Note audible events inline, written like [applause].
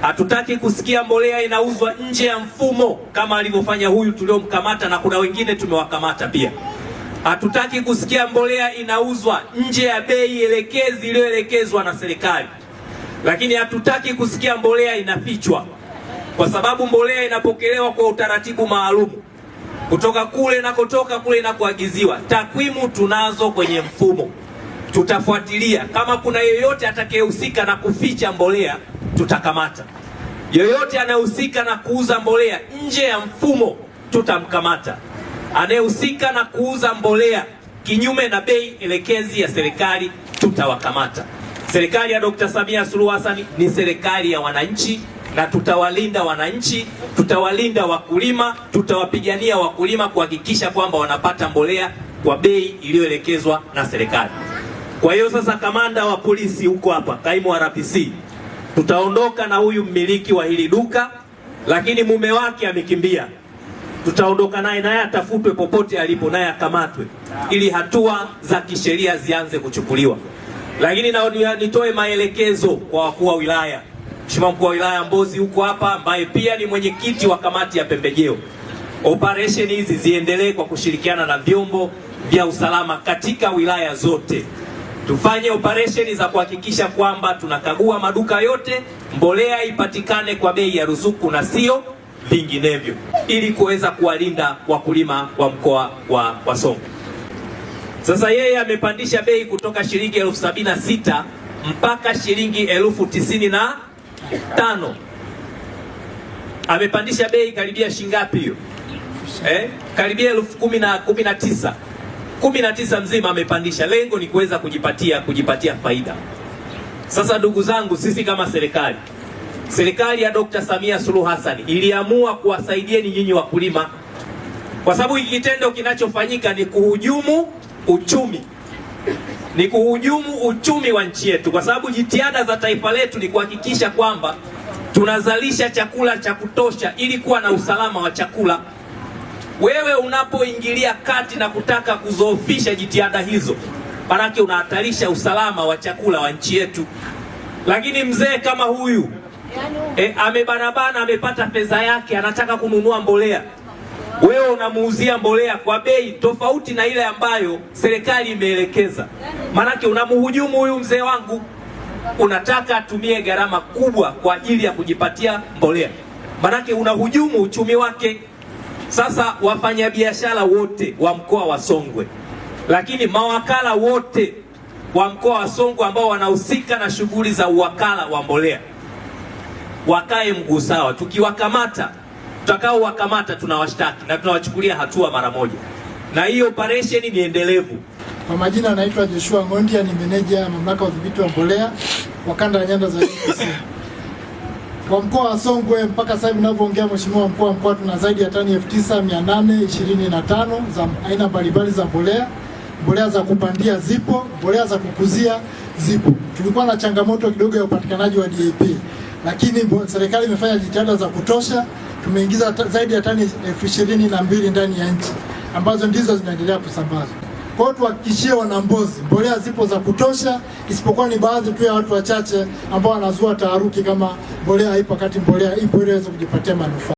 Hatutaki kusikia mbolea inauzwa nje ya mfumo kama alivyofanya huyu tuliomkamata, na kuna wengine tumewakamata pia. Hatutaki kusikia mbolea inauzwa nje ya bei elekezi iliyoelekezwa na serikali, lakini hatutaki kusikia mbolea inafichwa, kwa sababu mbolea inapokelewa kwa utaratibu maalum kutoka kule nakotoka kule inakoagiziwa. Takwimu tunazo kwenye mfumo, tutafuatilia. Kama kuna yeyote atakayehusika na kuficha mbolea tutakamata. Yoyote anayehusika na kuuza mbolea nje ya mfumo tutamkamata. Anayehusika na kuuza mbolea kinyume na bei elekezi ya serikali tutawakamata. Serikali ya Dr. Samia Suluhu Hassan ni serikali ya wananchi na tutawalinda wananchi, tutawalinda wakulima, tutawapigania wakulima kuhakikisha kwamba wanapata mbolea kwa bei iliyoelekezwa na serikali. Kwa hiyo sasa, kamanda wa polisi huko hapa, kaimu RPC tutaondoka na huyu mmiliki wa hili duka, lakini mume wake amekimbia, tutaondoka naye, naye atafutwe popote alipo, naye akamatwe, ili hatua za kisheria zianze kuchukuliwa. Lakini na nitoe maelekezo kwa wakuu wa wilaya, Mheshimiwa mkuu wa wilaya Mbozi huko hapa, ambaye pia ni mwenyekiti wa kamati ya pembejeo. Operesheni hizi ziendelee kwa kushirikiana na vyombo vya usalama katika wilaya zote tufanye operesheni za kuhakikisha kwamba tunakagua maduka yote, mbolea ipatikane kwa bei ya ruzuku na sio vinginevyo, ili kuweza kuwalinda wakulima wa mkoa wa, wa Songwe. Sasa yeye amepandisha bei kutoka shilingi elfu sabini na sita mpaka shilingi elfu tisini na tano amepandisha bei karibia shingapi hiyo eh? karibia elfu kumi na kumi na tisa kumi na tisa mzima amepandisha. Lengo ni kuweza kujipatia kujipatia faida. Sasa ndugu zangu, sisi kama serikali, serikali ya Dkt. Samia Suluhu Hassan iliamua kuwasaidieni nyinyi wakulima, kwa sababu kitendo kinachofanyika ni kuhujumu uchumi, ni kuhujumu uchumi wa nchi yetu, kwa sababu jitihada za taifa letu ni kuhakikisha kwamba tunazalisha chakula cha kutosha ili kuwa na usalama wa chakula. Wewe unapoingilia kati na kutaka kuzoofisha jitihada hizo, manake unahatarisha usalama wa chakula wa nchi yetu. Lakini mzee kama huyu e, amebanabana, amepata pesa yake, anataka kununua mbolea wewe unamuuzia mbolea kwa bei tofauti na ile ambayo serikali imeelekeza. Maanake unamhujumu huyu mzee wangu, unataka atumie gharama kubwa kwa ajili ya kujipatia mbolea, maanake unahujumu uchumi wake. Sasa wafanyabiashara wote wa mkoa wa Songwe, lakini mawakala wote wa mkoa wa Songwe ambao wanahusika na shughuli za uwakala wa mbolea wakae mguu sawa. Tukiwakamata, tutakao wakamata tunawashtaki na tunawachukulia hatua mara moja, na hii operesheni ni endelevu. Kwa majina anaitwa Joshua Ng'ondia, ni meneja ya mamlaka ya udhibiti wa mbolea wa kanda ya nyanda za juu kusini. [laughs] Kwa mkoa wa Songwe mpaka sasa ninavyoongea, mheshimiwa mkuu wa mkoa, tuna zaidi ya tani 9825 za aina mbalimbali za mbolea. Mbolea za kupandia zipo, mbolea za kukuzia zipo. Tulikuwa na changamoto kidogo ya upatikanaji wa DAP, lakini serikali imefanya jitihada za kutosha. Tumeingiza zaidi ya tani elfu ishirini ndani ya nchi ambazo ndizo zinaendelea kusambazwa. Kwa hiyo tuhakikishie wanambozi mbolea zipo za kutosha, isipokuwa ni baadhi tu ya watu wachache ambao wanazua taharuki kama mbolea ipo, wakati mbolea ipo ili waweze kujipatia manufaa.